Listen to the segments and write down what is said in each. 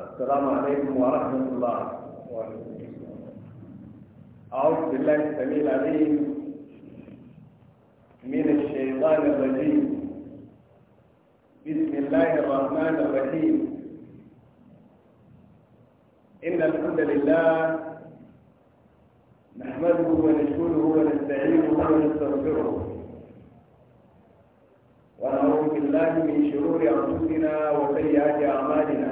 السلام عليكم ورحمة الله أعوذ بالله السميع العليم من الشيطان الرجيم بسم الله الرحمن الرحيم إن الحمد لله نحمده ونشكره ونستعينه ونستغفره ونعوذ بالله من شرور أنفسنا وسيئات أعمالنا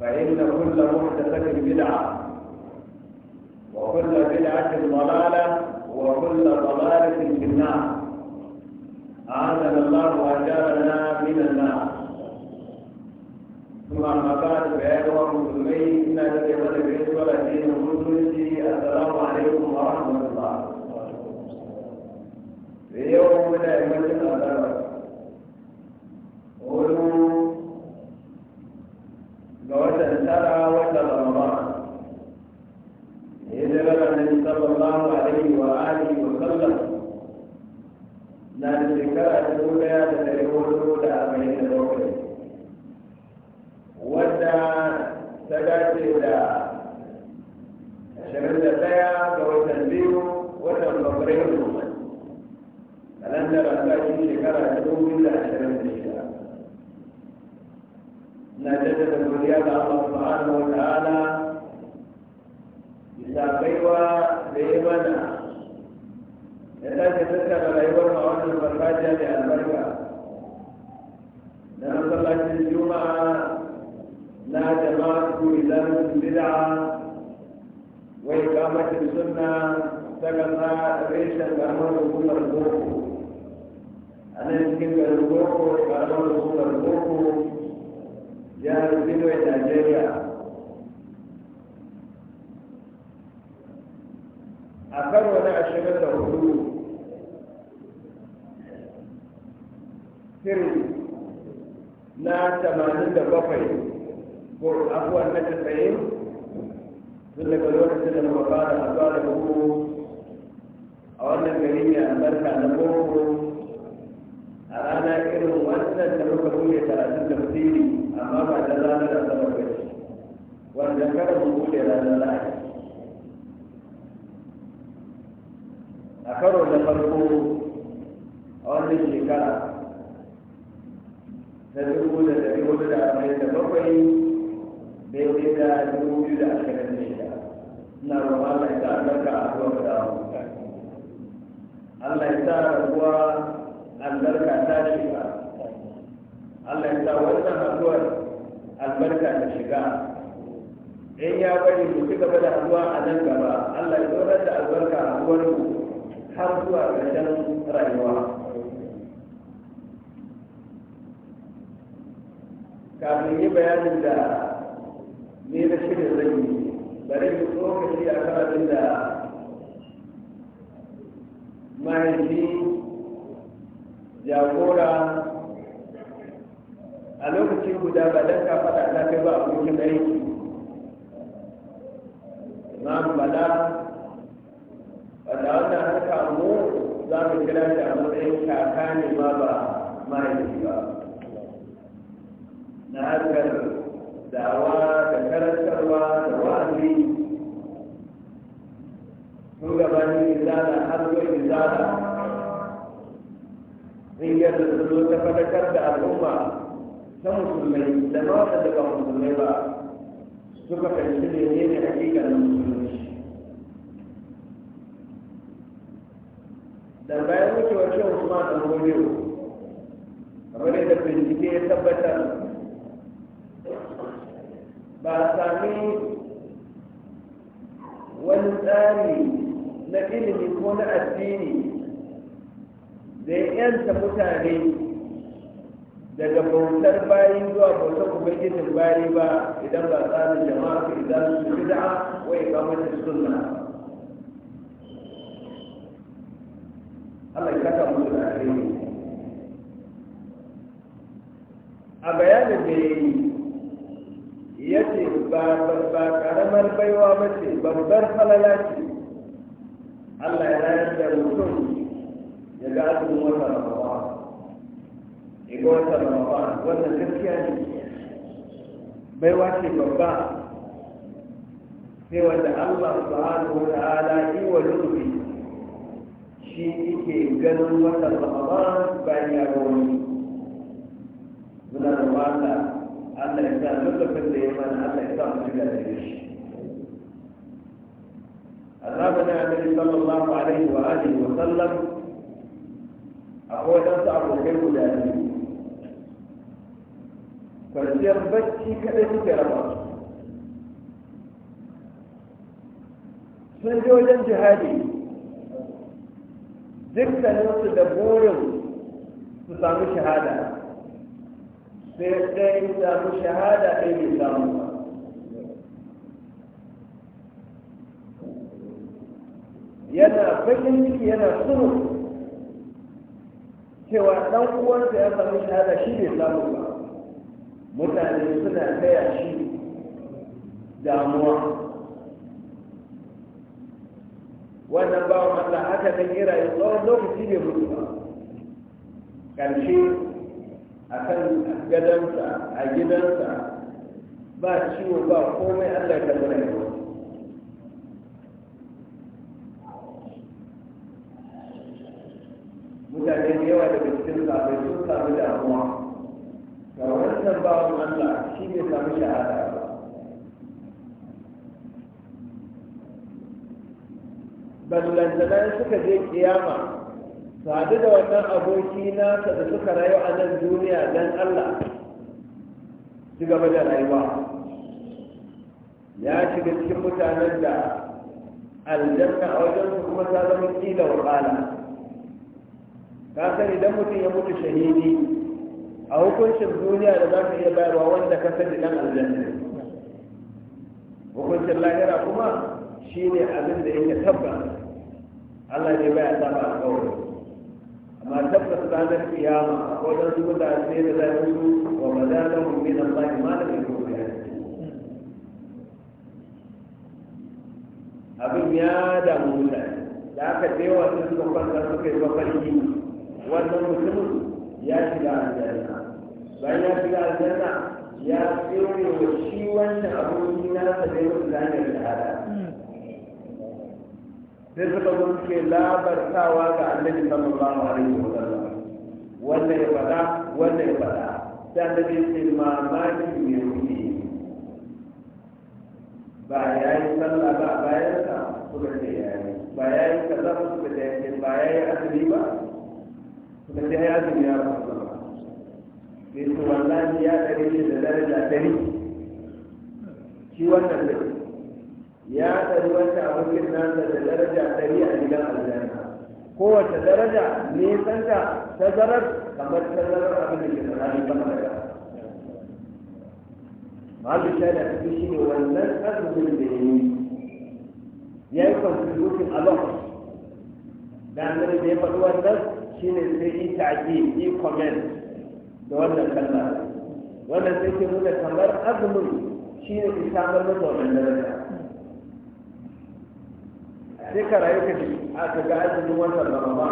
فإن كل محدثة بدعة وكل بدعة ضلالة وكل ضلالة في النار أعاذنا الله وأجارنا من النار ثم أما بعد فيا المسلمين إن الذي بدأ بالنسبة لدين المسلمين السلام عليكم ورحمة الله اليوم من أئمة الأدب dubu daya da dari hudu da arba'in da da suna ta kasa reshen karamar hukumar boko a nan cikin garin boko karamar hukumar boko jihar benue nigeria a karo na ashirin da hudu sirri na tamanin bakwai ko abuwan na tasa'in tun daga lokacin da muka fara haɗuwa da ku a wannan gari mai albarka na boko a rana irin wannan da muka buɗe karatun tafsiri amma ba da ranar asabar ba ce wanda kada mu buɗe ranar lahadi a karo da farko a wannan shekara ta dubu da dari hudu da arba'in da bakwai dubu biyu da ashirin da shida ina roƙon Allah ya albarka a zuwa da Allah ya sa albarka ta shiga Allah ya sa wannan haɗuwar albarka ta shiga in ya bari mu ci gaba da haɗuwa a nan gaba Allah ya zaunar da albarka a haɗuwar mu har zuwa ƙarshen rayuwa. kafin yi bayanin da ne na shirin zan yi bari mu tsokaci a kan da mahaifi jagora a lokacin guda ba don ka faɗa ta kai ba abokin aiki imam bala wanda wannan harka mu za mu kira shi a matsayin kaka ne ma ba mahaifi ba na harkar dawa zai da zo ta fadakar da al'umma ta musulmai da ma da ba musulmai ba suka fahimci ne ne hakikan musulmai da bayan wucewar shan usman da moriyo kamar yadda bincike ya tabbatar ba a sami wani tsari na ilimi ko na addini da yanta mutane daga bautar bayin zuwa bautar ubangijin bayi ba idan ba tsarin jama'a ka idan su bid'a wa iqamati sunna Allah ya kaka musu da alheri a bayanin da ya yi ya ce ba karamar baiwa ba ce babbar falala ce Allah ya rayar da mutum ya ga azumin wata Ramadan ya ga wata Ramadan wannan gaskiya ne baiwa wace babba sai wanda Allah subhanahu wa ta'ala yi wa lubi shi yake ganin wata Ramadan bayan ya ga wani muna da wata Allah ya sa lokacin da ya mana Allah ya sa mu shiga da shi النبي صلى الله عليه وآله وسلم أقول أنت أبو حيو لأني فالشيخ بكي كذلك كرمه شن جو جن جهادي ذكت أن يوصي دبور تسامي شهادة سيدي تسامي شهادة أي تسامي yana bakin ciki yana sunu cewa dan uwansa ya samu shahada shi bai samu ba mutane suna gaya shi damuwa wannan wa Allah haka nan ya rayu tsawon lokaci ne mutu ba ƙarshe a kan gadonsa a gidansa ba ciwo ba komai Allah ya karɓi rayuwa yawa daga cikin sabai sun samu damuwa ga wannan bawan Allah shi ne sami shahada ba ballantana suka je kiyama sadu da wannan aboki nasa da suka rayu a nan duniya don Allah ci gaba da rayuwa ya shiga cikin mutanen da aljanna a wajen su kuma ta zama kila wa ka san idan mutum ya mutu shahidi a hukuncin duniya da za ka iya bayarwa wanda ka sani dan aljanna hukuncin lahira kuma shi ne abin da yake tabbata Allah ne baya saba alƙawari amma tabbas ranar kiyama ko dan su mutane da za su wa madalahu min Allah ma da yake abin ya damu mutane da aka je wasu suka kwanta suka yi mafarki wannan mutumin ya shiga aljanna bayan ya shiga aljanna ya tsere wa shi wannan aboki na sa dai yau zanen shahada sai suka zo suke labartawa ga annabi sallallahu alaihi wa sallam wanda ya fada wanda ya fada sai annabi ya ce mamaki mai kuke ba ya yi sallah ba bayan sa suka ce ya yi ba ya yi kaza ba suka ce ba ya yi azumi ba da sai ya zumi ya rasu ya ce wallahi ya tare shi da daraja ɗari shi wannan da ya ɗari wata abokin nasa da daraja ɗari a gidan aljanna kowace daraja ne ta tazarar kamar tazarar abin da ke tsakanin sama da ƙasa malu shaida ta fi shine wannan azumin da ya yi ya yi contribution a lot da annabi da ya faɗi wannan shi ne sai yi tage yi kwamen da wannan kallon wannan sai ke nuna kamar azumin shi ne ke samar da wannan daraja sai ka rayu ka a ka ga azumin wannan ramama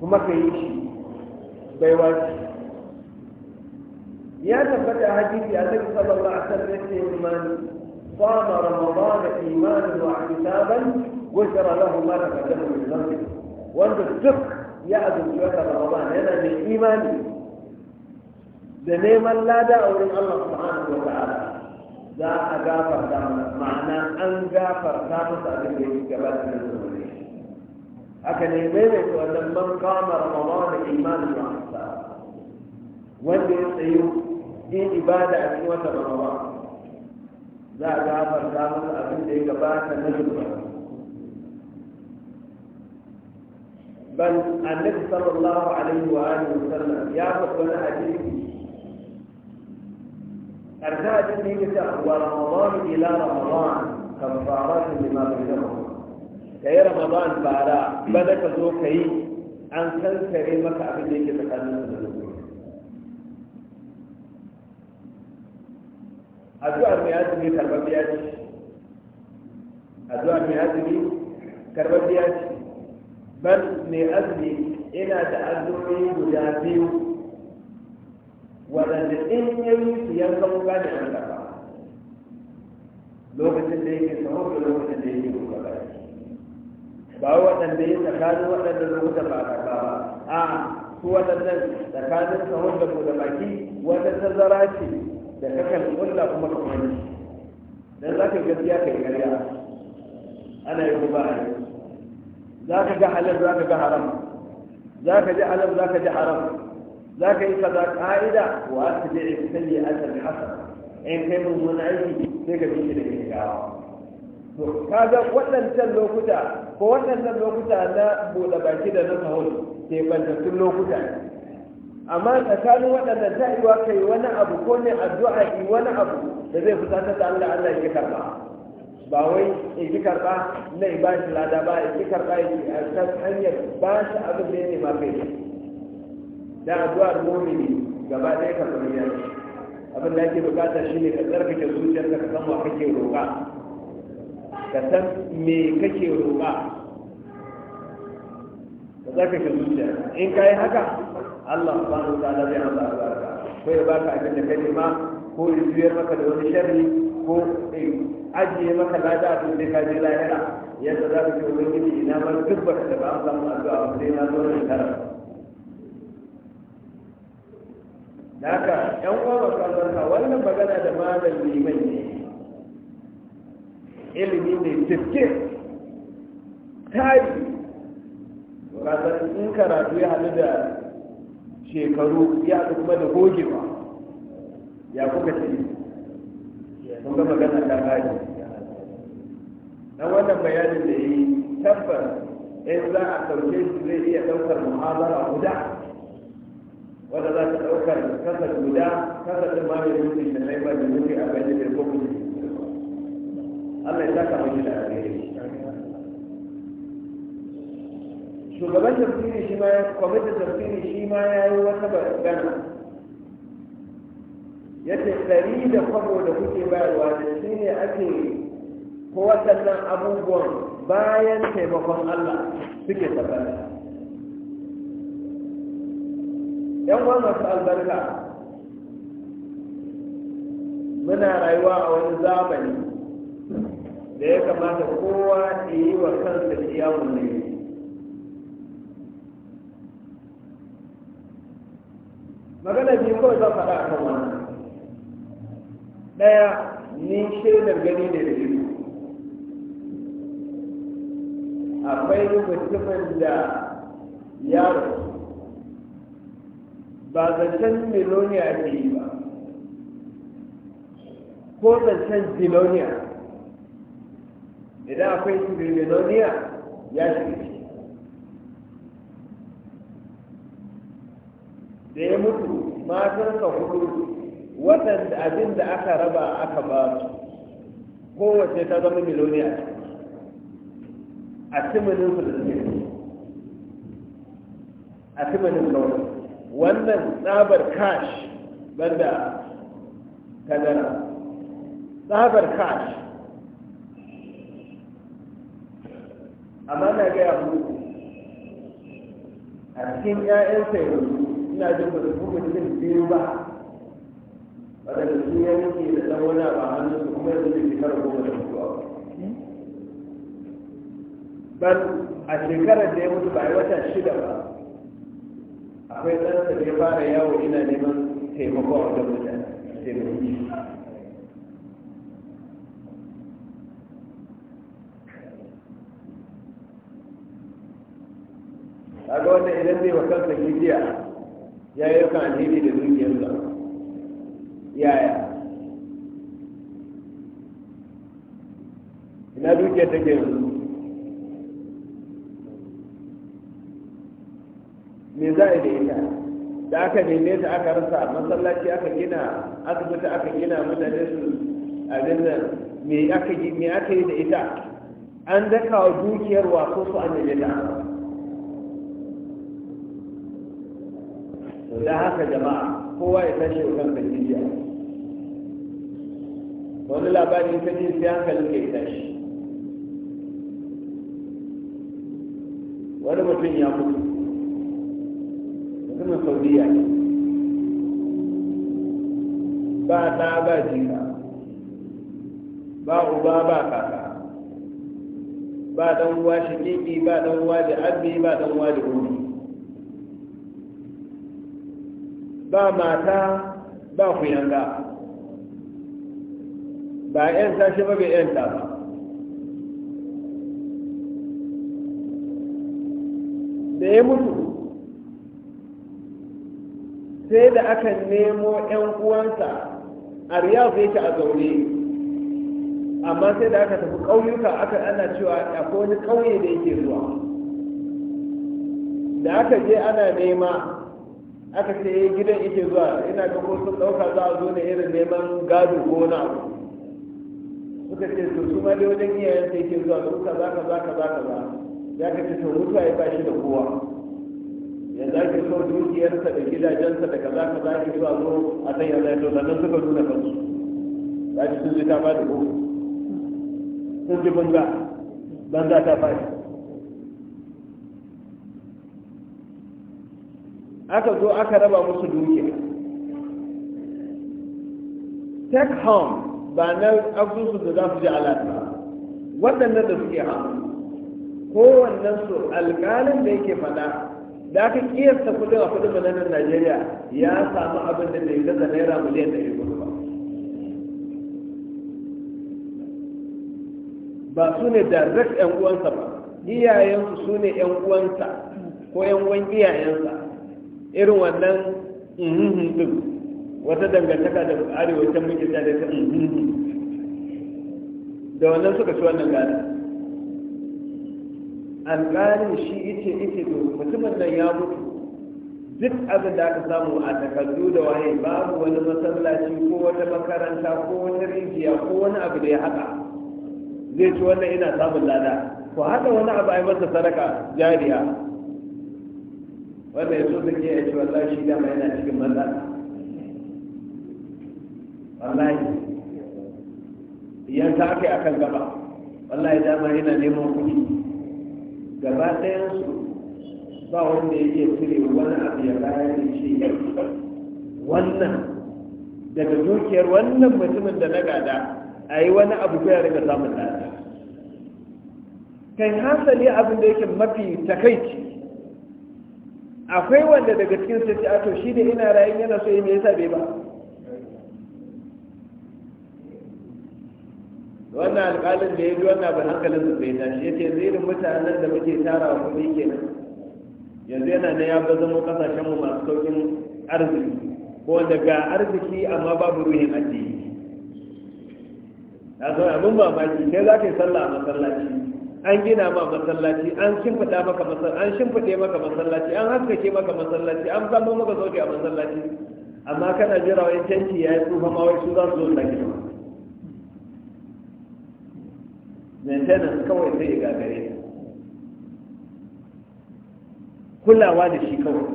kuma ka yi shi bai wace ya tabbata hadisi a zai saba ba a san da ke imani kwama ramama da imani wa a kitaban gushara lahu mara kajar mai zarfi wanda duk ya azumci wata ramadan yana mai imani da neman lada a wurin Allah subhanahu wa ta'ala za a gafarta masa ma'ana an gafarta masa abin da yake gabatar da zuwa haka ne maimaita wannan man kama ramadan da imanin ma'asa wanda ya tsayu yin ibada a cikin wata ramadan za a gafarta masa abin da ya gabata na zuwa بل النبي صلى الله عليه وآله وسلم يا ربنا أجيبني أرجاء أجيبني ورمضان إلى رمضان كفارات لما بينهم كي رمضان بعد بدك زوكي أن تنكري مكة أبديك تقدم أدوار addu'ar mai أدوار karbabbiya ce bal mai azumi ina da azumi guda biyu wadanda in ya yi su yanka wuka da yanka ba lokacin da yake saho ko lokacin da yake wuka ba ba waɗanda ya tsakanin waɗanda lokuta ba ka ba a su waɗannan tsakanin saho da buɗe baki wata tazara ce da kakan ƙulla kuma kamar dan za ka gaskiya kai karya ana yi kuma a yi za ka ga halal za ka ga haram za ka ji halal za ka ji haram za ka yi kaza ka'ida wa ta je in sanya da hasan in kai mun wani aiki sai ka bi da gaggawa to kaga waɗancan lokuta ko waɗannan lokuta na buɗe baki da na sahur ke bantattun lokuta amma tsakanin waɗanda ta yi wa kai wani abu ko ne addu'a yi wani abu da zai fusata da Allah Allah ya karba ba wai in ji karɓa na in ba shi lada ba in ji karɓa in a ta hanyar ba shi abin da ya nema kai da addu'ar mumini gaba ɗaya ka zama ya yi. abin da ake bukata shi ne ka tsarkake zuciyar ka san wa kake roƙa ka san me kake roƙa ka tsarkake zuciyar in ka yi haka Allah subhanahu wa ta'ala zai amsa albarka ko ya baka abin da kai nema ko ya juyar maka da wani sharri ko in ajiye maka lada a tunde da ka je lahira yadda za ka ce ubangiji ina ma duk ba ka ba an samu addu'a ba sai na zo da tara da haka yan uwa ba san wannan magana da malam liman ne ilimi ne tafke tari kasar in karatu ya haɗu da shekaru ya haɗu kuma da gogewa ya kuka ce mun ga magana ta na wannan bayanin da yi tabbar in za a ɗauke shi zai iya ɗaukar muhabara guda wanda za ta ɗaukar kasar guda kasar ɗin ma mai mutu da ba da mutu a gani da kuma Allah ya saka mai da alheri shugaban tafsiri shi ma kwamitin tafsiri shi ma ya yi wata gana yadda ɗari da kwabo da kuke bayarwa da shi ne ake ko abubuwan bayan taimakon Allah suke tabbata yan uwa masu albarka muna rayuwa a wani zamani da ya kamata kowa ya yi wa kansa kiyamun ne magana biyu kawai zan faɗa a kan wannan ɗaya ni shaidar gani ne da ido akwai mutumin da yaro ba zancen miloniya ake yi ba ko zancen miloniya? idan akwai miloniya, ya shiga da ya mutu matarsa hudu waɗanda abin da aka raba aka ba su kowace ta zama miloniya a cimanin su da suke a cimanin su wannan tsabar kash banda kadara tsabar kash amma na gaya muku a cikin 'ya'yansa sayarwa ina jin ba da kuma jin biyu ba wadanda sun ya nufi da ɗan wani abu a hannunsu kuma yanzu bai shekara goma da mutuwa ba a shekarar da ya mutu ba a wata shida ba akwai ɗansa da ya fara yawo ina neman taimako a wajen mutane taimaki ga wanda idan bai wa kansa gidiya ya yi kan alheri da dukiyarsa yaya ina dukiyar take yanzu me za a da ita da aka neme ta aka rasa masallaci aka gina asibiti aka gina mutane su abin nan me aka yi da ita an daka wa dukiyar wato su an neme ta da haka jama'a kowa ya tashi wa kan jijiya wani labari ka ji sai hankalin ka ya tashi wani mutum ya mutu mutumin saudiya ne ba ta ba jika ba uba ba kaka ba dan uwa shiƙiƙi ba dan uwa da abbi ba dan uwa da umi ba mata ba kuyanga ba yan tashi ba bai yan ba da ya mutu sai da aka nemo yan uwansa a riyadu yake a zaune amma sai da aka tafi ƙauyuka aka ana cewa akwai wani ƙauye da yake zuwa da aka je ana nema aka ce eh, gidan ike zuwa ina ga ko sun ɗauka za a zo ne irin neman gado ko na abu suka ce su su ma dai wajen iyayen sai ke zuwa su kaza kaza kaza kaza ya ka ce to mutuwa ya ba shi da kowa yanzu ake so dukiyarsa da gidajensa da kaza kaza ake zuwa zo a san yanzu ya to sannan suka nuna kansu ya ce sun ji ta ba da kowa sun ji banza banza ta ba shi aka zo aka raba musu dukiya take home ba na abubuwan da za su ji alaƙa waɗannan da suke hannu kowannen su alƙalin da yake fada da aka kiyasta kudin a kudin mananar najeriya ya samu abin da bai gaza naira miliyan ɗari ba ba su ne direct yan uwansa ba iyayensu su ne yan uwansa ko yan uwan iyayensa irin wannan hunhunhun din wata dangantaka da arewacin muke da ta uhun da wannan suka ci wannan gada alƙalin shi ice ice to mutumin nan ya mutu duk abin da aka samu a takardu da waye babu wani masallaci ko wata makaranta ko wata rijiya ko wani abu da ya haka zai ci wannan ina samun lada ko haka wani abu a yi masa sadaka jariya wanda ya so da ke ya ce wallahi shi dama yana cikin matsala wallahi iyan ta a akan gaba wallahi dama yana neman kuɗi gaba ɗayan su ba wanda ya iya cire wani abu ya bayar da shi wannan daga dukiyar wannan mutumin da na gada a yi wani abu ko ya rika samun lada kai hasali abin da yake mafi takaici akwai wanda daga cikin su ce ato shi da ina rayin yana so me yasa bai ba wannan alƙalin da ya ji wannan ban hankalin su bai tashi ya ce zirin mutanen da muke tara wa kuɗi nan. yanzu yana na ya ba zama kasashen mu masu saukin arziki ko wanda ga arziki amma babu ruhin addini na zo abin mamaki sai za ka yi sallah a masallaci an gina ma masallaci an shimfiɗa maka masallaci an shimfiɗe maka masallaci an haskake maka masallaci an zama maka sauki a masallaci amma kana jira wai canci ya yi tsufa ma wai su za su zo sake ba maintenance kawai sai ya gagare kulawa da shi kawai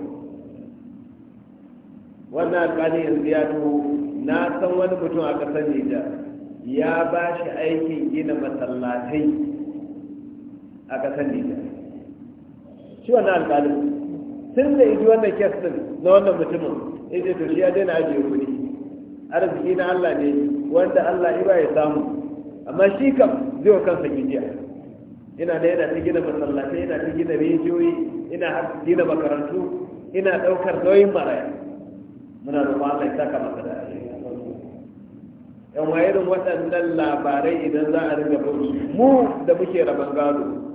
wannan alƙali yanzu ya tuho na san wani mutum a ƙasar Nijar ya ba shi aikin gina masallatai a ƙasar Nijar shi wannan alƙalin sun da iji wannan kes na wannan mutumin yace to shi ya daina ajiye kuɗi arziki na Allah ne wanda Allah iba ya samu amma shi kam zai wa kansa gijiya ina da yana ta gina masallatai ina ta gina rijiyoyi ina gina makarantu ina ɗaukar nauyin maraya muna da Allah ya saka masa da yan wayarin waɗannan labarai idan za a riga ba mu da muke rabon gado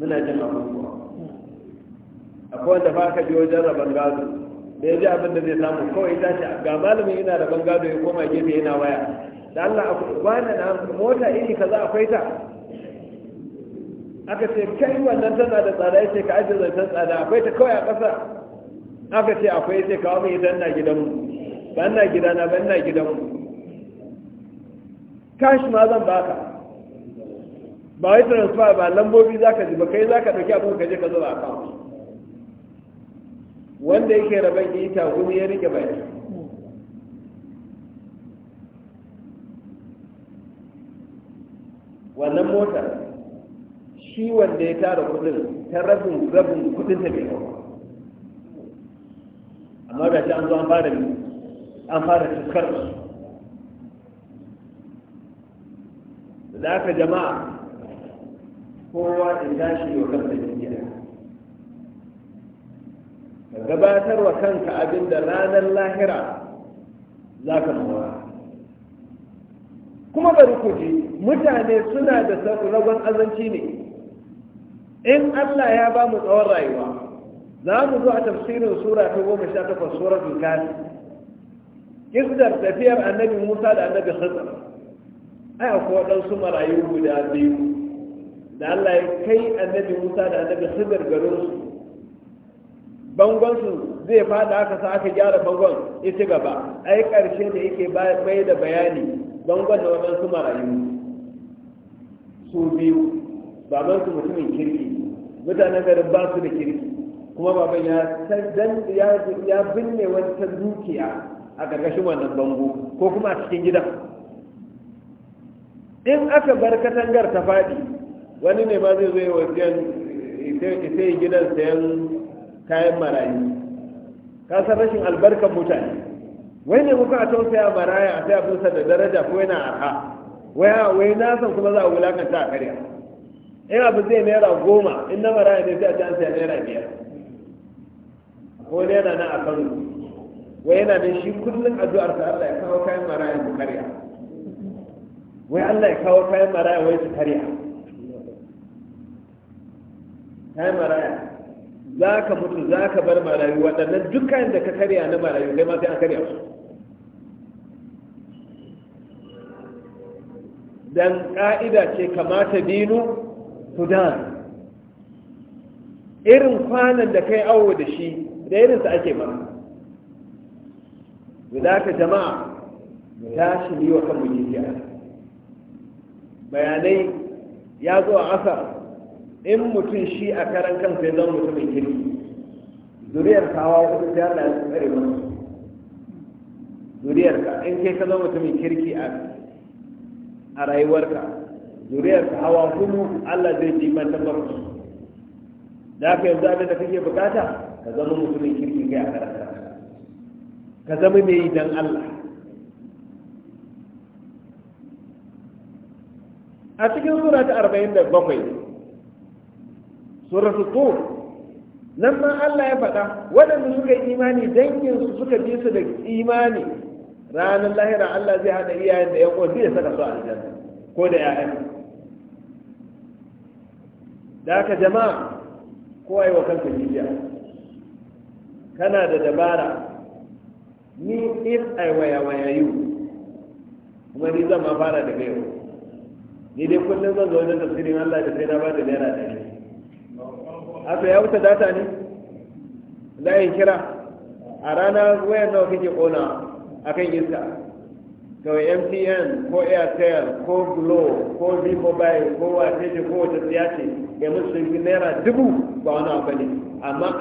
muna jin kuwa akwai wanda ba ka biyo wajen rabon gado da ya ji abin da zai samu kawai ta ce ga malamin yana rabon gado ya koma gefe yana waya da Allah a na na mota iri kaza akwai ta aka ce kai wannan tana da tsada ya ce ka ajiye zartar tsada akwai ta kawai a ƙasa aka ce akwai ya ce kawo mai idan na gidanmu Ba na gidana ba na gidanmu kashi ma zan baka ba wai transfer ba lambobi za ka ji ba kai za ka ɗauki abin ka je ka zuba a account wanda yake raban ita wani ya rike baki wannan motar shi wanda ya tara kudin ta rabin rabin kudin ta bai amma da shi an zo an fara an fara su. da aka jama'a kowa in tashi yau kansa jiya ka gabatar wa kanka abin da ranar lahira za ka mora kuma bari ku ji mutane suna da rabon azanci ne in Allah ya ba mu tsawon rayuwa za mu zo a tafsirin sura ta goma sha takwas surar dukkan kisdar tafiyar annabi musa da annabi khidr ai akwai waɗansu marayu guda biyu da Allah ya kai annabi Musa da annabi Khidir garin su bangon su zai fada aka sa aka gyara bangon ya ci gaba ai karshe da yake bai da bayani bangon da wannan su marayu su biyu baban su mutumin kirki mutanen garin ba su da kirki kuma baban ya ya ya binne wata dukiya a ƙarƙashin wannan bango ko kuma a cikin gidan in aka bar katangar ta fadi wani ne ma zai zo yi wajen ita yi gidan sayan kayan marayu ka san rashin albarkar mutane wai ne muka a tausaya maraya a saya fusa da daraja ko yana arha wai wai na san kuma za a wulakanta a karya in abu zai naira goma in na maraya ne sai a jan saya naira biyar ko yana na a kano wai yana da shi kullum addu'ar sa Allah ya kawo kayan maraya su karya wai Allah ya kawo kayan maraya wai su karya kai maraya za ka mutu za ka bar marayu waɗannan dukkan da ka karya na marayu kai ma sai an karya su dan ƙa'ida ce kamata dinu da. irin kwanan da kai awo da shi da irinsa ake ba da ka jama'a ta shi yi wa kan jijiya bayanai ya zo a asar in mutum shi a karan kansa ya zama mutumin kirki zuriyar kawo ita ta Allah ya tsare zuriyar ka in kai ka zama mutumin kirki a rayuwarka ka hawa kuma Allah zai ji man su da ka yanzu abin da kake bukata ka zama mutumin kirki kai a karanta ka zama mai dan Allah a cikin sura ta 47 suratu tur nan ma Allah ya faɗa waɗanda suka yi imani dangin su suka bi su da imani ranar lahira Allah zai haɗa iyayen da 'Yan uwan ya saka su a aljanna ko da ƴaƴan da ka jama'a ko ai wa kanka jiya kana da dabara ni if ai waya waya you kuma ni zan ma fara da yau ni dai kullum zan zo wajen tafsirin Allah da sai na bada naira ɗari haka ya wuce data ne layin kira a rana wayan nawa kake kona kan iska kawai mtn ko airtel ko glo ko vmobile ko wace ce ko wace tsiya ce ya fi naira dubu ba wani abu ne amma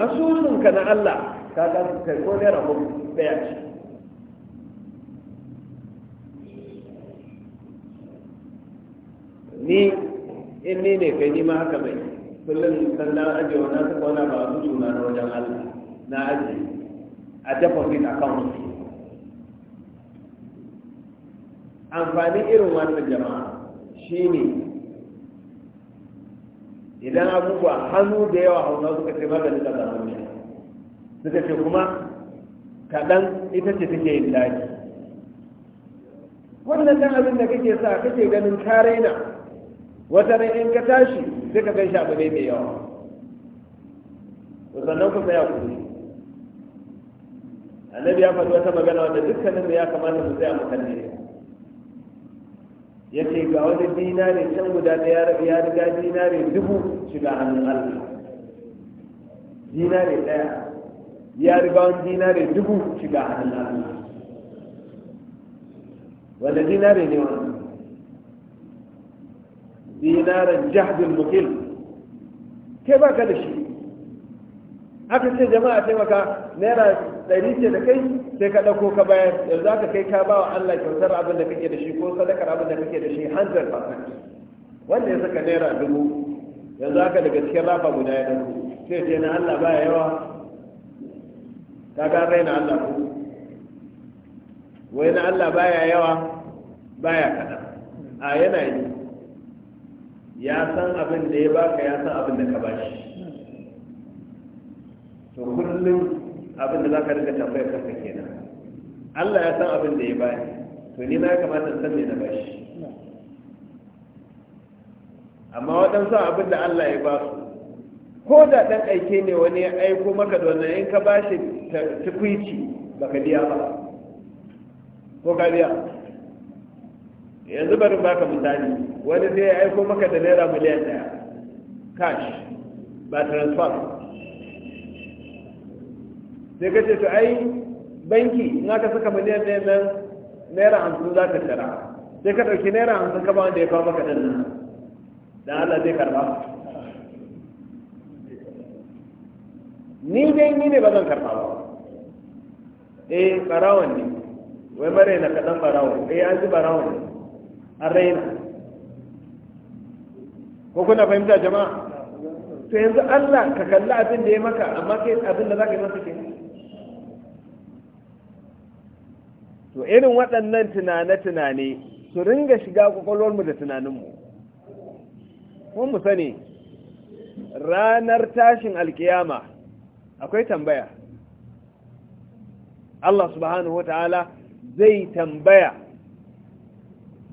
ka na allah ka ga kai ko naira ko daya ce ni in ni ne kai ni ma haka mai kullum sannan aje wannan suka wani ba su suna na wajen Allah na aje a deposit account amfanin irin wannan jama'a shine idan abubuwa hannu da yawa hauna suka ce maganin da zamani suka ce kuma kaɗan ita ce take yin daji wannan ɗan abin da kake sa kake ganin kare na, wata rai in ka tashi sai ka kai shi abu ne mai yawa to sannan ku tsaya ku annabi ya faɗi wata magana wanda dukkanin mu ya kamata mu tsaya mu kalle ya ce ga wani dinare can guda da ya riga dinare dubu shiga hannun Allah dinare ɗaya ya riga wani dinare dubu shiga hannun Allah wanda dinare ne wani dinaran jahdin mukil kai ba ka da shi aka ce jama'a taimaka naira ɗari ce da kai sai ka ɗauko ka bayar yanzu aka kai ka ba wa Allah kyautar abin da kake da shi ko sadakar abin da kake da shi 100% wanda ya saka naira dubu yanzu aka daga cikin rafa guda ya ɗauko sai ce na Allah ba yawa ka ga raina Allah ko wai na Allah baya yawa baya kaɗan a yana yi ya san abin da ya baka ya san abin da ka bashi to kullum abin da za ka rika tambayar kanka kenan Allah ya san abin da ya baki to ni ma ya kamata san me na bashi amma waɗansu abin da Allah ya ba su ko da ɗan aike ne wani ya aiko maka da wannan in ka ba shi tukwici ba ka biya ba ko ka biya yanzu bari baka misali wani zai ya aiko maka da naira miliyan ɗaya cash ba transfer sai ka ce to ai banki in aka saka miliyan ɗaya nan naira hamsin za ka tara sai ka ɗauki naira hamsin ka ba wanda ya kawo maka ɗan nan da Allah zai karɓa ni dai ni ne ba zan karɓa ba eh barawon ne wai mare na kaɗan barawon eh an ji barawon ne an raina ko kuna fahimta jama'a to yanzu Allah ka kalli abin da ya maka amma kai abin da zaka yi masa ke to irin waɗannan tunane-tunane su ringa shiga kwakwalwar mu da tunaninmu kun mu sani ranar tashin alkiyama akwai tambaya Allah subhanahu wata'ala zai tambaya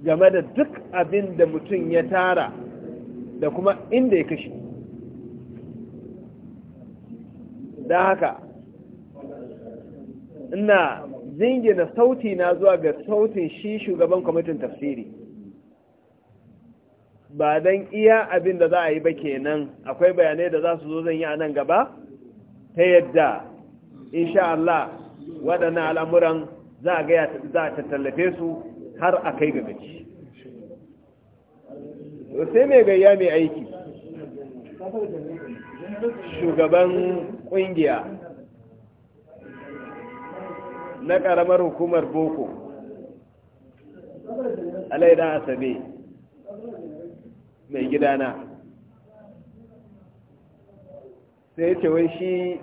game da duk abin da mutum ya tara da kuma inda ya kashe don haka ina jingina sauti na zuwa ga sautin shi shugaban kwamitin tafsiri ba don iya abin da za a yi ba kenan akwai bayanai da za su zo zan yi a nan gaba ta yadda insha Allah waɗannan al'amuran za a tallafe su har a kai ga gaci sai mai gayya mai aiki shugaban kungiya na karamar hukumar boko alaidan asabe mai gidana sai ce wai shi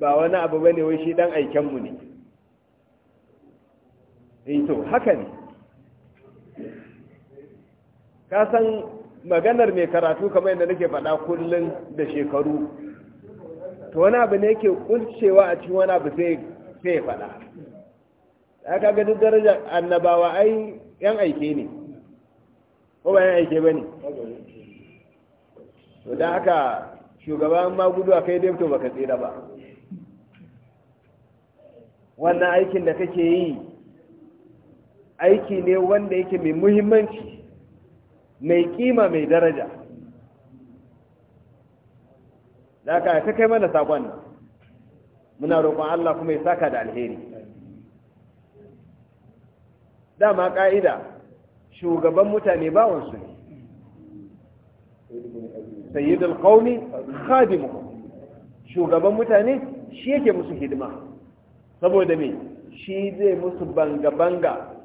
ba wani abu ba ne wai shi dan aikenmu ne eh to haka ne ka san maganar mai karatu kamar yadda nake faɗa kullum da shekaru to wani abu ne yake kuncewa a cikin wani abu sai ya faɗa aka ga duk darajar annabawa ai yan aike ne ko ba yan aike ba ne to da haka shugaban magudu a kai dai to baka tsira ba wannan aikin da kake yi aiki ne wanda yake mai muhimmanci mai kima mai daraja da aka ta kai mana sakon nan muna roƙon Allah kuma ya saka da alheri dama ƙa'ida shugaban mutane bawansu ne sayyidul qaumi khadimuhum shugaban mutane shi yake musu hidima saboda me shi zai musu banga-banga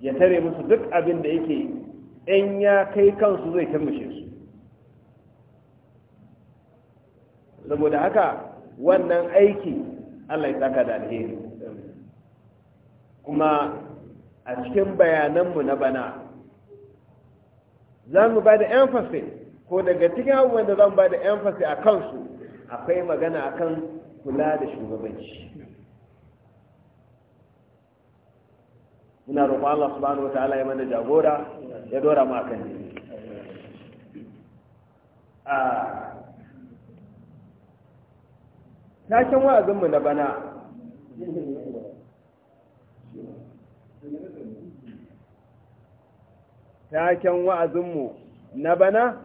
ya tare musu duk abin da yake in ya kai kansu zai turmushe su saboda haka wannan aiki allah ya saka da alheri kuma a cikin bayananmu na bana za mu ba da emphasis ko daga cikin abubuwan da za mu ba da emphasis a kansu akwai magana a kan kula da shugabanci muna roƙon Allah subhanahu wataala ya mana jagora ya dora mu akan a taken wa'azinmu na bana taken wa'azinmu na bana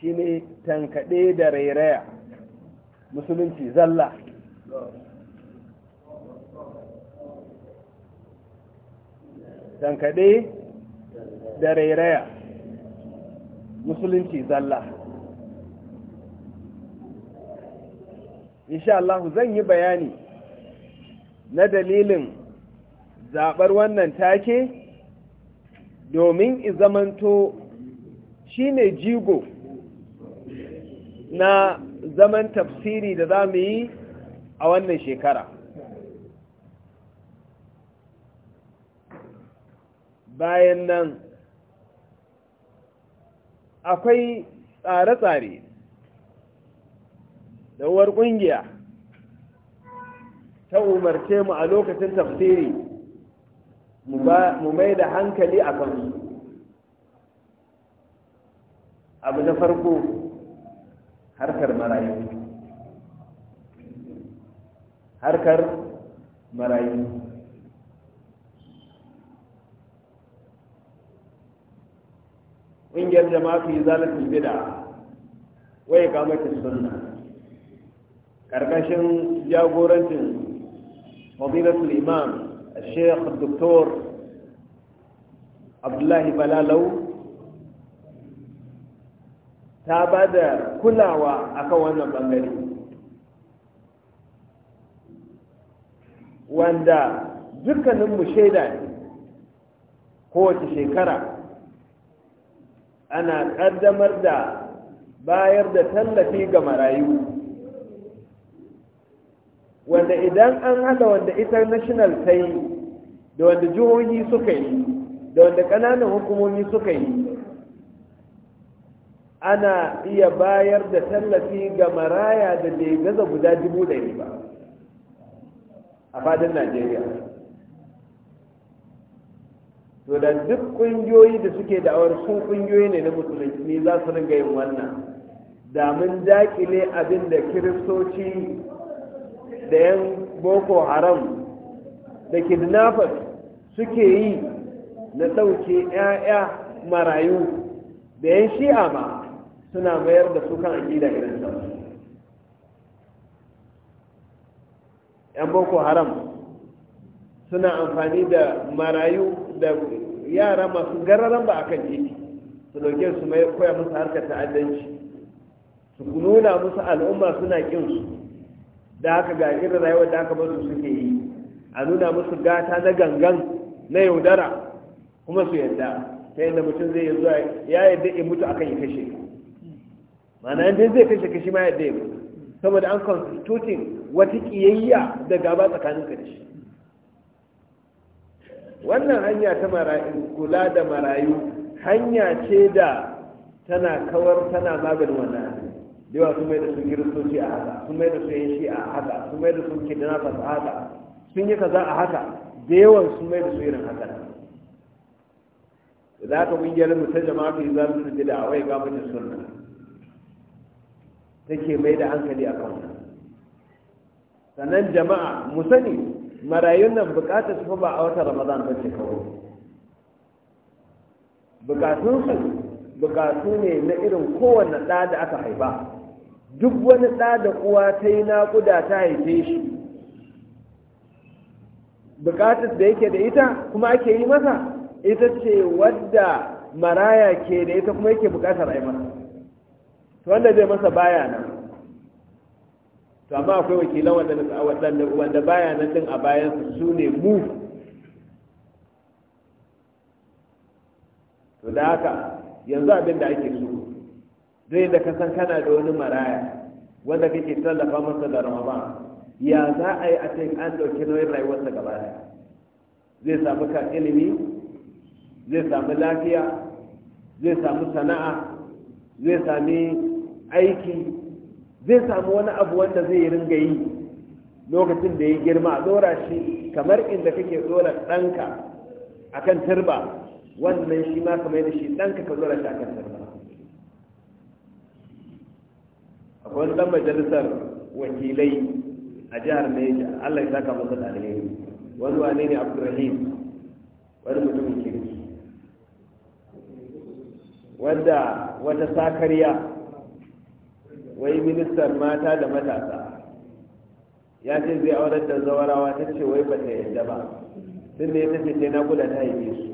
shi ne tankaɗe da rairaya musulunci zalla dankade da rairaya musulunci zalla insha Allah zan yi bayani na dalilin zaɓar wannan take domin izamanto shi ne jigo na zaman tafsiri da za mu yi a wannan shekara bayan nan akwai tsare-tsare da uwar ƙungiya ta umarce mu a lokacin tafsiri mu mai da hankali a kan abu na farko harkar marayu harkar marayu ƙungiyar jama'a fi zalatul bid'a waye kamatin sunna ƙarƙashin jagorancin fadilatul imam a sheikh doktor abdullahi balalau ta ba da kulawa a kan wannan bangare wanda dukkaninmu shaida ne kowace shekara ana ƙaddamar da bayar da tallafi ga marayu wanda idan an haɗa wanda international ta yi da wanda jihohi suka yi da wanda ƙananan hukumomi suka yi ana iya bayar da tallafi ga maraya da bai gaza guda dubu ɗari ba a fadin najeriya to da duk kungiyoyi da suke da'awar su kungiyoyi ne na musulunci za su ringa yin wannan da mun dakile abin da kiristoci da yan boko haram da kidnappers suke yi na ɗauke 'ya'ya marayu da yan shi'a ma suna mayar da su kan aƙida irin sauransu yan boko haram suna amfani da marayu da yara masu gararan ba a kan titi su dauke su mai koya musu harkar ta'addanci su nuna musu al'umma suna kin su da haka ga irin rayuwar da aka basu suke yi a nuna musu gata na gangan na yaudara kuma su yadda ta yadda mutum zai zuwa ya yadda ya mutu akan ya kashe ma'ana yadda zai kashe kashi ma yadda ya mutu saboda an constituting wata kiyayya da gaba tsakanin ka wannan hanya ta marayu kula da marayu hanya ce da tana kawar tana maganin wannan yawa sun mai da su kiristoci a haka sun mai da su yan shi a haka sun mai da su kidnappers a haka sun yi kaza a haka da yawan sun mai da su irin haka da ka kungiyar mu ta jama'a yi za su ji da awai ga mace sunna take mai da hankali a kan sannan jama'a mu sani marayun nan bukatar su ba a wata ramadan ba ce kawai su bukatu ne na irin kowane ɗa da aka haifa duk wani ɗa da uwa ta yi naƙuda ta haife shi bukatar da yake da ita kuma ake yi masa ita ce wadda maraya ke da ita kuma yake bukatar a yi masa wanda zai masa baya nan to amma akwai wakilan wanda wanda baya nan din a bayan su ne mu to da haka yanzu abin da ake so dai da ka san kana da wani maraya wanda kake tallafa masa da ramadan ya za a yi a ce an ɗauki nauyin rayuwarsa gaba daya zai samu ka ilimi zai samu lafiya zai samu sana'a zai sami aiki zai samu wani abu wanda zai ringa yi lokacin da ya girma a dora shi kamar inda kake dora ɗanka a kan turba wannan shi ma kamar yadda shi ɗanka ka dora shi a kan turba A wani ɗan majalisar wakilai a jihar Neja Allah ya saka masa da alheri wani wane ne Abdulrahim wani mutumin kirki wanda wata sakarya wai ministan mata da matasa ya ce zai aurar da zawarawa ta ce wai ba ta yadda ba tun da ya tafi ce na kula ta yi su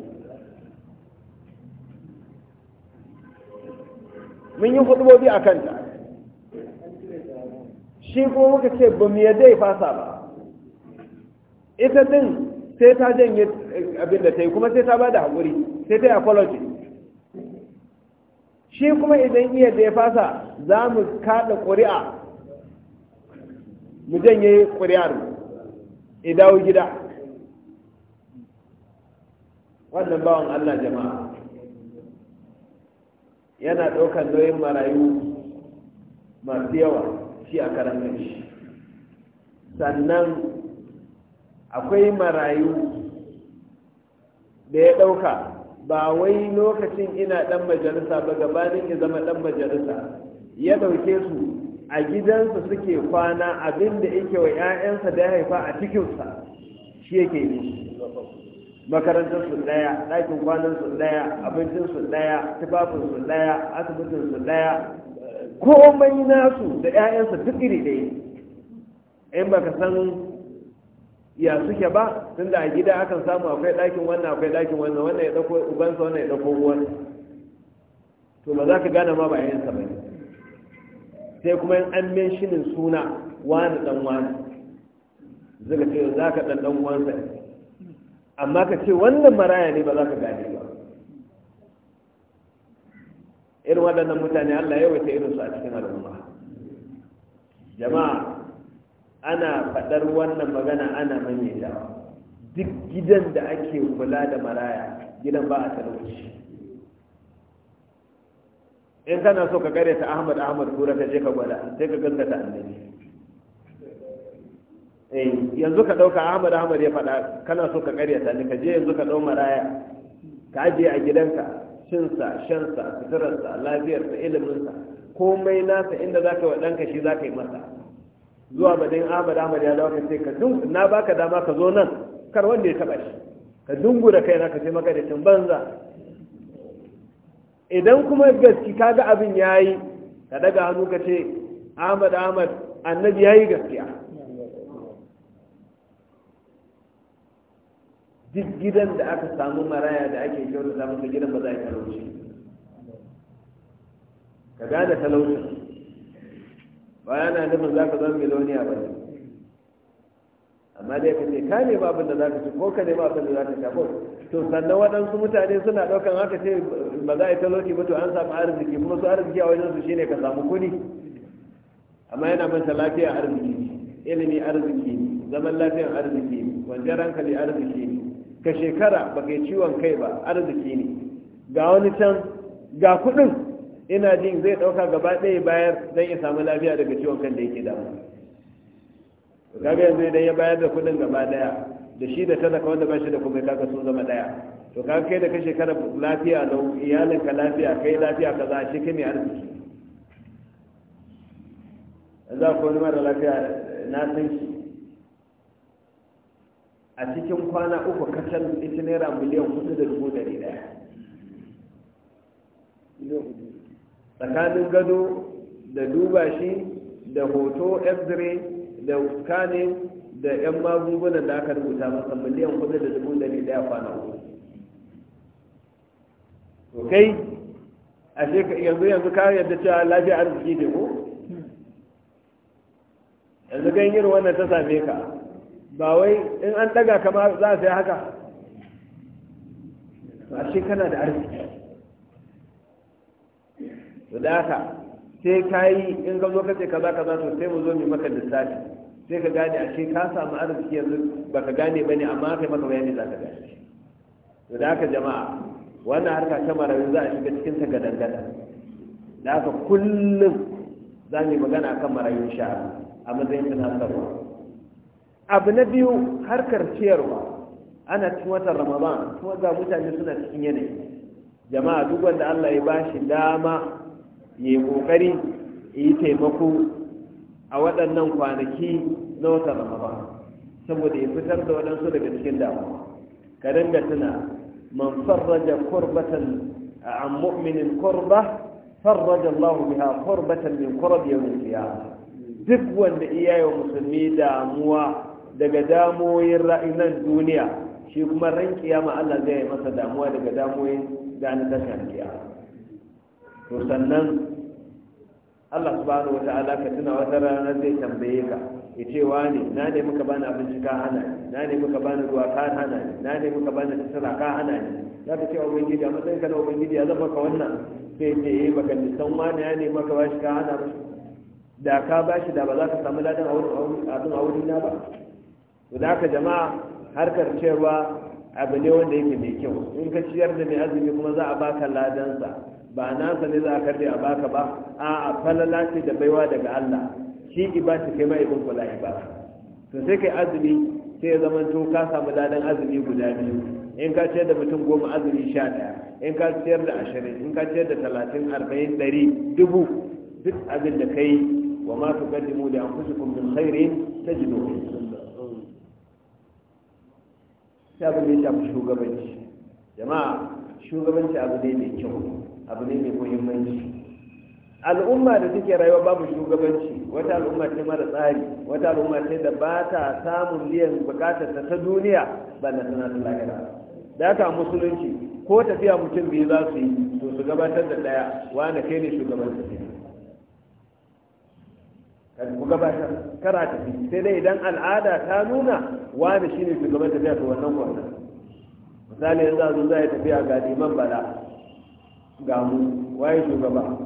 mun yi hudubobi a kanta shi kuma muka ce ba mu yadda ya fasa ba ita din sai ta janye abin da ta yi kuma sai ta ba da haƙuri sai ta yi apology shi kuma idan iya da ya fasa za mu kada ƙuri'a mu janye ƙuri'ar mu dawo gida wannan bawan allah jama'a yana ɗaukar nauyin marayu masu yawa shi a karan shi sannan akwai marayu da ya ɗauka ba wai lokacin ina ɗan majalisa ba gabanin ya zama ɗan majalisa ya ɗauke su a gidansa suke kwana Abinda da yake wa 'ya'yansa da ya haifa a cikinsa shi yake yi makarantar su daya ɗakin kwanan su daya abincin su daya tufafin su daya asibitin su daya komai nasu da 'ya'yansa duk iri ɗaya in baka san ya suke ba da a gida akan samu akwai ɗakin wannan akwai ɗakin wannan wannan ya ɗauko ubansa wannan ya ɗauko uwan to ba za ka gane ma ba yayansa ba ne sai kuma in an shinin suna wani ɗan wani zaka ce za ka ɗan ɗan uwansa amma ka ce wannan maraya ne ba za ka gane ba irin waɗannan mutane Allah ya irin su a cikin al'umma jama'a ana faɗar wannan magana ana maimaitawa duk gidan da ake kula da maraya gidan ba a talauci in kana so ka gare ta ahmad ahmad kura ta je ka gwada sai ka ganga ta annabi eh yanzu ka dauka ahmad ahmad ya faɗa kana so ka gare ta ne ka je yanzu ka dau maraya ka je a gidanka cinsa shansa sa lafiyarsa iliminsa komai nasa inda zaka wa danka shi zaka yi masa zuwa badin ahmad ahmad ya dawo sai ka dun na baka dama ka zo nan kar wanda ya taba shi ka dungura kai na ka ce maka da tun banza idan kuma gaski kaga abin yayi ka daga hannu ka ce ahmad ahmad annabi yayi gaskiya duk gidan da aka samu maraya da ake kyauta samun gidan ba za ka talauci ka gane talauci ba yana nufin za ka zama miloniya ba ne amma dai ka ce ka nema abin da za ka ci ko ka nema abin da za ka sha to sannan waɗansu mutane suna ɗaukan haka ce ba za a yi talauci ba to an samu arziki kuma su arziki a wajen su shine ka samu kuɗi amma yana manta lafiya arziki ilimi arziki zaman lafiyan arziki wanda rankali arziki ka shekara ba kai ciwon kai ba arziki ne ga wani can ga kuɗin ina jin zai ɗauka gaba ɗaya bayar don ya samu lafiya daga ciwon kan da yake damu kaga yanzu idan ya bayar da kuɗin gaba ɗaya da shi da talaka wanda ba shi da kuma kaga sun zama ɗaya to kaga kai da ka shekara lafiya da iyalinka lafiya kai lafiya kaza a kai mai arziki za ku wani mara lafiya na san shi a cikin kwana uku kacal ita naira miliyan hudu da dubu ɗari ɗaya tsakanin gado da duba shi da hoto x-ray da scanning da 'yan magungunan da aka rubuta masa miliyan kudu da dubu ne daya kwana uku to kai a yanzu yanzu ka yadda cewa lafiya arziki ne ko yanzu kan wannan ta same ka ba wai in an daga kama za a sai haka ba shi kana da arziki da haka sai ka yi in ka zo kace kaza kaza to sai mu zo mu maka lissafi sai ka gane a ce ka samu arziki yanzu baka gane bane amma kai maka bayani za ka gane to da haka jama'a wannan harka ta marayu za a shiga cikin ta gadan da haka kullum za mu yi magana akan marayun sha a matsayin tunatarwa abu na biyu harkar ciyarwa ana cikin watan ramadan kuma ga mutane suna cikin yanayi jama'a duk wanda allah ya bashi dama yi kokari yi taimako a waɗannan kwanaki na wata ramadan saboda ya fitar da waɗansu daga cikin damuwa ka dinga tuna man farraja kurbatan an mu'minin kurba farraja Allah biha kurbatan min kurab yawmin qiyamah duk wanda iyaye musulmi damuwa daga damoyin ra'inan duniya shi kuma ran kiyama Allah zai masa damuwa daga damoyin da an tashin kiyama to sannan Allah subhanahu wata'ala ka tuna wata rana zai tambaye ka ya ce ne na ne muka bani abinci ka hana ne na ne muka bani ruwa ka hana ne na ne muka bani tattara ka hana ne za ka ce wa ubangiji a matsayin ka na ubangiji ya zama ka wannan sai ce eh baka nisan wani ya ne maka bashi ka hana ba da ka bashi da ba za ka samu ladan abin a na ba da ka jama'a harkar cewa abu ne wanda yake mai kyau in ka ciyar da mai azumi kuma za a baka ladansa ba nasa ne za a karbe a baka ba a'a falala ce da baiwa daga Allah shi ibati kai mai bin kula ba to sai kai azumi sai ya zama to ka samu dadan azumi guda biyu in ka ciyar da mutum goma azumi sha daya in ka ciyar da ashirin in ka ciyar da talatin arba'in ɗari dubu duk abin da kai wa ma tu qaddimu li anfusikum min khairin tajiduhu sai abin da ya shafi shugabanci jama'a shugabanci abu ne mai kyau abu ne mai muhimmanci al'umma da suke rayuwa babu shugabanci wata al'umma ce mara tsari wata al'umma ce da ba ta samun biyan bukatar ta duniya ba na tana ta lahira da ta musulunci ko tafiya mutum biyu za su yi to su gabatar da daya wani kai ne shugaban tafiya ku gabatar kara tafi sai dai idan al'ada ta nuna wani shine shugaban tafiya to wannan kwanan misali yanzu a zo za a tafiya ga liman bala Gamu mu waye shugaba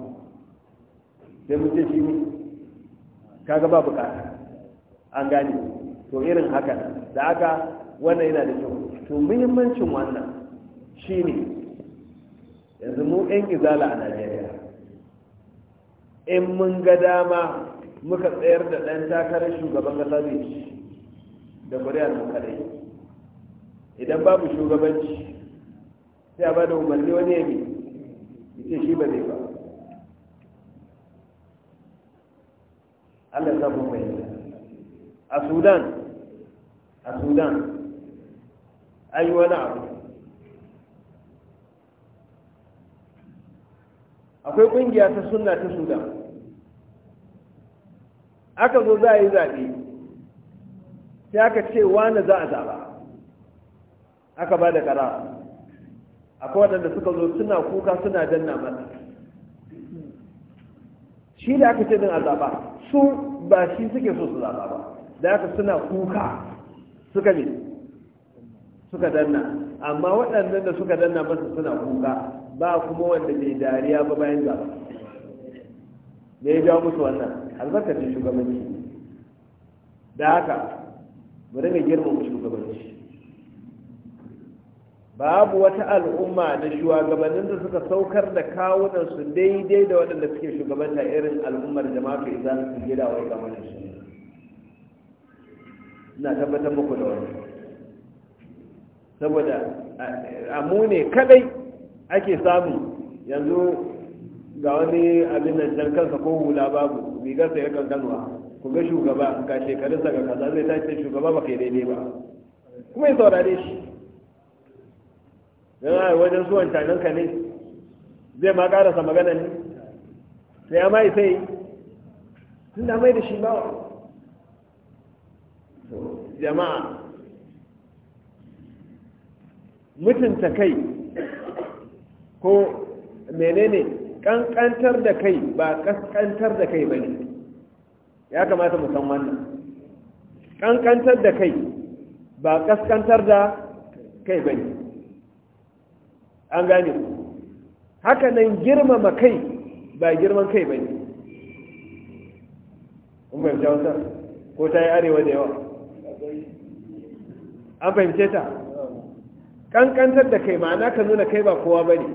sai mu ce shi ne kaga ba bukata an gane to irin haka da aka wannan yana da kyau to muhimmancin wannan shi ne yanzu mu ɗan izala a Najeriya in mun ga dama muka tsayar da ɗan takarar shugaban ƙasa ne da ƙuri'ar mu kadai idan babu shugabanci sai a ba da umarni wani ya yace shi ba zai ba Allah ya mu fahimta a Sudan a Sudan ai wani abu akwai kungiya ta sunna ta Sudan aka zo za a yi zaɓe sai aka ce wani za a zaɓa aka ba da ƙara akwai waɗanda suka zo suna kuka suna danna masa shi da aka ce din a zaɓa su ba shi suke so su zaba ba da aka suna kuka suka ne suka danna amma waɗannan da suka danna masa suna kuka ba kuma wanda mai dariya ba bayan zaba, me ya jawo musu wannan albarkacin shugabanci da haka bari dinga girmama shugabanci babu wata al'umma da shugabannin da suka saukar da kawunan su daidai da waɗanda suke shugabanta irin al'ummar jama'atu idan su gida wai kamar shi ina tabbatar muku da wani saboda amu ne kadai ake samu yanzu ga wani abin nan can kansa ko hula babu rigarsa ya kankanwa ku ga shugaba ga shekarunsa ga kaza zai tashi shugaba ba kai daidai ba kuma ya saurare shi don eh, wajen zuwan tananka ne zai ma karasa magana ne sai ya mai sai sun damai mai da shi bawa jama'a mutunta kai ko menene kankantar da kai ba kaskantar da kai ba ne ya kamata mu san wannan kankantar da kai ba kaskantar da kai ba ne an gane ku haka nan girmama kai ba girman kai ba ne kun fahimta wata ko ta yi arewa da yawa an fahimce ta kankantar da kai ma'ana ka nuna kai ba kowa ba ne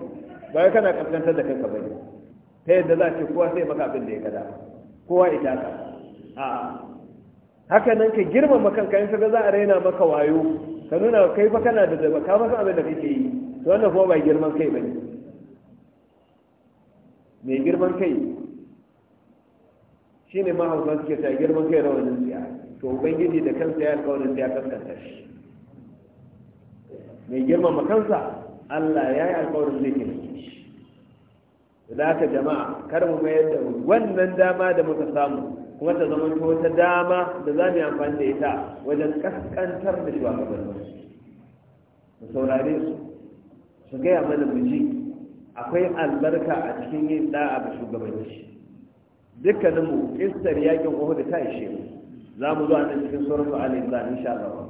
ba kana kankantar da kanka ba ne ta yadda za ce kowa sai maka abin da ya kada kowa ita ka a haka nan ka girmama kanka yin shiga za a raina maka wayo ka nuna kai fa kana da zaba ka masa abin da kake yi wannan kuma bai girman kai ba ne mai girman kai shi ne mahausa suke ta girman kai rawanin siya to ubangiji da kansa ya kawarin siya kaskanta shi mai girmama kansa allah ya yi alkawarin zai kirki shi da haka jama'a kar mu mayar da wannan dama da muka samu kuma ta zama wata dama da za mu yi amfani da ita wajen kaskantar da shugabannin mu saurare su su gaya mana miji, akwai albarka a cikin yin da'a ga shugabanci dukkanin mu istar yakin uhud ta ishe mu za mu zo a nan cikin suratul al-imran insha Allah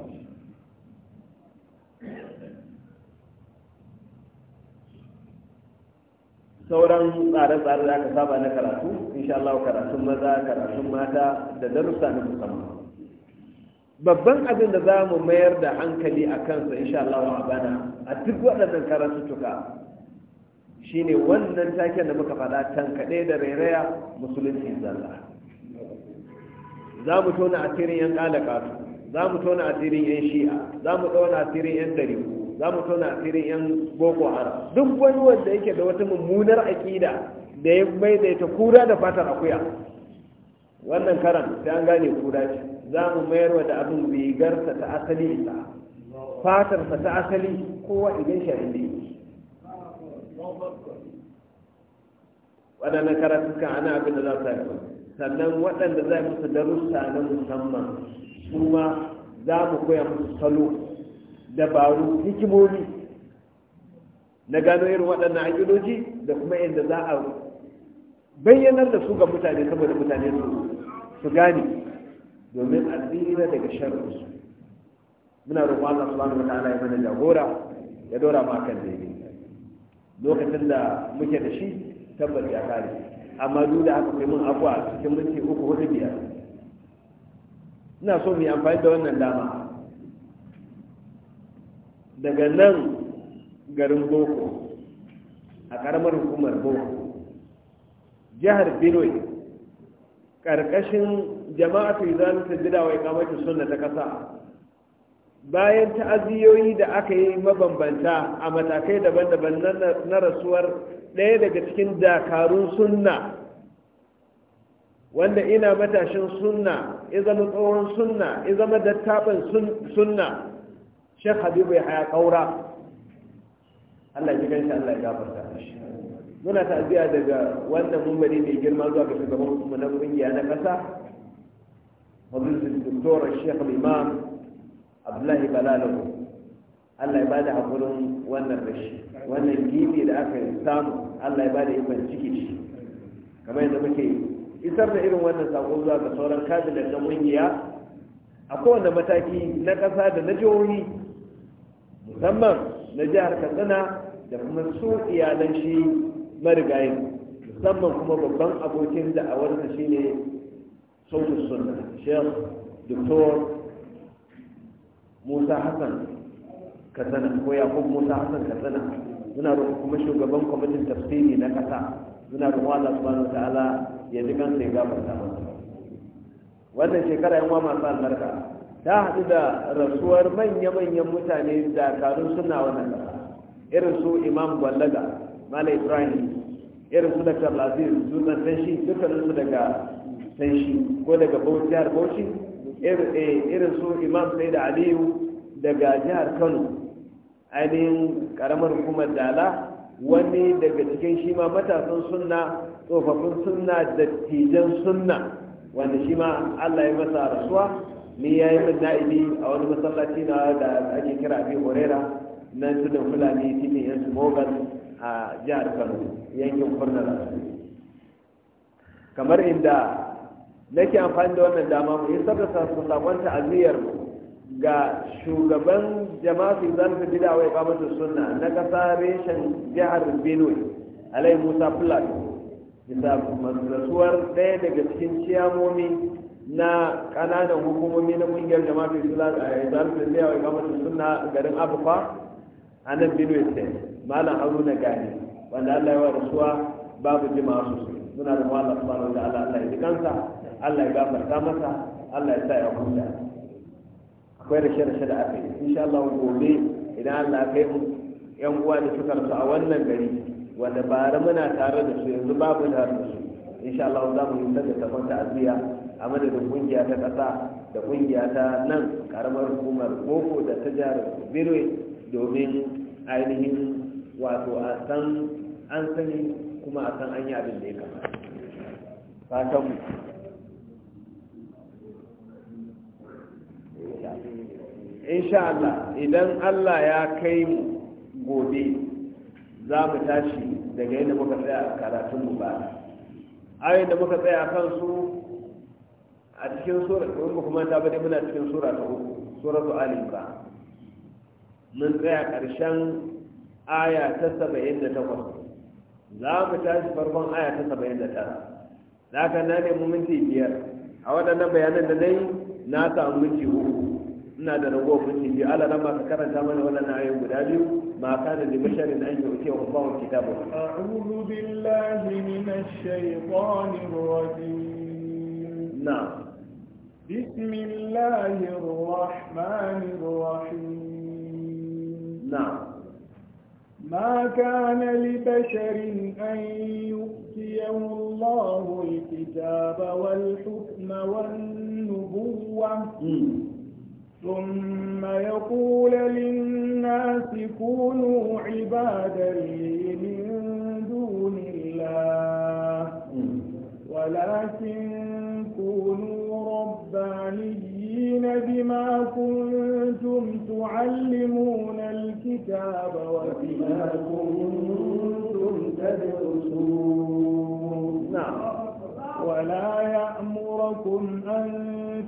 sauran tsare-tsare da aka saba na karatu insha Allah karatun maza karatun mata da darussa na musamman babban abin da za mu mayar da hankali a kansa insha Allah a bana a duk waɗannan shi shine wannan taken da muka faɗa tankaɗe da rairaya musulunci zalla za mu tona a tirin yan ƙalaƙatu za mu tona a tirin yan shi'a za mu tona a tirin yan dariku za mu tona a tirin yan boko haram duk wani wanda yake da wata mummunar aƙida da ya maida ta kura da fatar akuya wannan karan sai an gane kura ce za mu mayar wa da abin rigarsa ta asali isa fatarsa ta asali kowa idan shi ne yake waɗannan karatuka ana abin da za su haifa sannan waɗanda za su darussa na musamman su ma za mu koya musu salo dabaru hikimomi na gano irin waɗannan aƙidoji da kuma yadda za a bayyanar da su ga mutane saboda mutane su gani. domin addini daga sharri muna roƙon Allah subhanahu wa ta'ala ya mana jagora ya dora ma kan dai lokacin da muke da shi tabbas ya kare amma duk da haka kai mun a cikin minti uku hudu biyar ina so mu yi amfani da wannan dama daga nan garin boko a karamar hukumar boko jihar benue ƙarƙashin jama'atu idan sajjada wa iqamati sunna ta kasa bayan ta'aziyoyi da aka yi mabambanta a matakai daban-daban na rasuwar ɗaya daga cikin dakarun sunna wanda ina matashin sunna ya zama tsohon sunna ya zama dattaban sunna shek habibu ya haya ƙaura allah ji ganshi allah ya gafarta shi muna ta'aziyya daga wannan mummari mai girma zuwa ga shugaban mu na ƙungiya na ƙasa فضيلة الدكتور الشيخ الإمام عبد الله بلاله الله ya ba da haƙurin wannan rashi wannan gibi da aka samu Allah ya ba da ciki shi kamar yadda isar da irin wannan sako zuwa ga sauran kabilan na ƙungiya a kowane mataki na ƙasa da na jihohi musamman na jihar katsina da kuma su iyalan shi marigayin musamman kuma babban abokin da a shi shine صوت السنة الشيخ دكتور موسى حسن كسنة هو يعقوب موسى حسن كسنة muna kuma shugaban kwamitin tafsiri na ƙasa muna roƙon Allah subhanahu wataala ya ji kansa ya gafarta masa wannan shekara yan uwa masu albarka ta haɗu da rasuwar manya-manyan mutane da karun suna wannan ƙasa irin su imam gwallaga malam ibrahim irin su daktar lazir zunan tashi dukkaninsu daga sai ko daga jihar bauchi irin eh, su imam sai da aliyu daga jihar kano ainihin karamar hukumar dala wani daga cikin shi ma matasan sunna tsofaffin sunna dattijan sunna wanda shi ma allah ya masa rasuwa ne ya yi min na'ibi a wani masallaci na da ake kira abin horera na tudun fulani titin yan smogan a jihar kano yankin kurna kamar inda nake amfani da wannan dama mu isar da sakon ta'aziyyar ga shugaban jama'atu zarfi bid'a wa kamata sunna na kasa reshen jihar Benue Alai Musa Fulani bisa rasuwar ɗaya daga cikin ciyamomi na ƙananan hukumomi na ƙungiyar jama'atu zarfi bid'a wa kamata sunna garin Abufa a nan Benue State Malam Haruna Gani wanda Allah ya wa rasuwa babu jima'a sosai suna da Allah ba da ta'ala Allah ya ji kansa Allah ya gafarta masa Allah ya sa ya huta akwai rashe-rashe da aka yi insha Allah gobe idan Allah kai mu yan uwa da suka rasu a wannan gari wanda bara muna tare da su yanzu babu da su insha Allah za mu yi ta da a madadin kungiya ta kasa da kungiya ta nan karamar hukumar boko da ta jihar birwe domin ainihin wato a san an sani kuma a san an yi abin da ya kamata fatan insha Allah idan Allah ya kai mu gobe za mu tashi daga yadda muka tsaya a karatun mu ba ayoyin da muka tsaya kan su a cikin sura ta ba kuma ta ba dai muna cikin sura ta uku sura ta ali mun tsaya karshen aya ta saba'in da takwas za mu tashi farkon aya ta saba'in da tara da ka na nemi minti biyar a waɗannan bayanan da na yi na samu minti uku ina da rago kuci bi ala nan ba ka karanta mana wannan ayoyin guda biyu ma kana li basharin an wuce wa Allahu kitabu a'udhu billahi minash shaytanir rajim na bismillahir rahmanir rahim na'am ما كان لبشر أن يؤتيه الله الكتاب والحكم والنبوة ثم يقول للناس كونوا عبادا لي من دون الله ولكن كونوا ربانيين بما كنتم تعلمون الكتاب وبما كنتم تدرسون نعم ولا يأمركم أن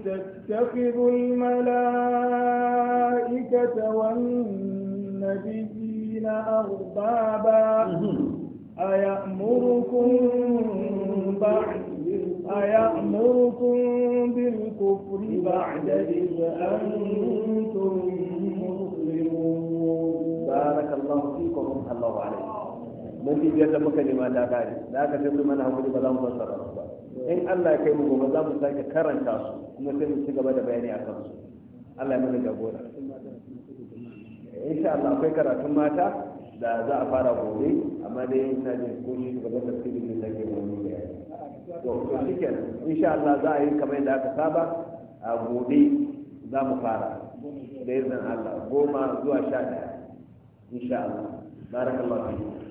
تتخذوا الملائكة والنبيين أربابا أيأمركم أيأمركم بالكفر بعد إذ أنتم مسلمون بارك الله فيكم الله عليكم mun ji biyar da muka nema ta kare da aka sai su mana hakuri ba za mu fassara su ba in Allah ya kai mu gobe za mu sake karanta su kuma sai mu ci gaba da bayani akan su Allah ya mana jagora insha Allah akwai karatun mata da za a fara gobe amma dai ina jin ko shi gaba da tafsirin ne take mu ne bayani to to shikenan insha Allah za a yi kamar yadda aka saba a gobe za mu fara da izinin Allah goma zuwa sha insha Allah barakallahu fiik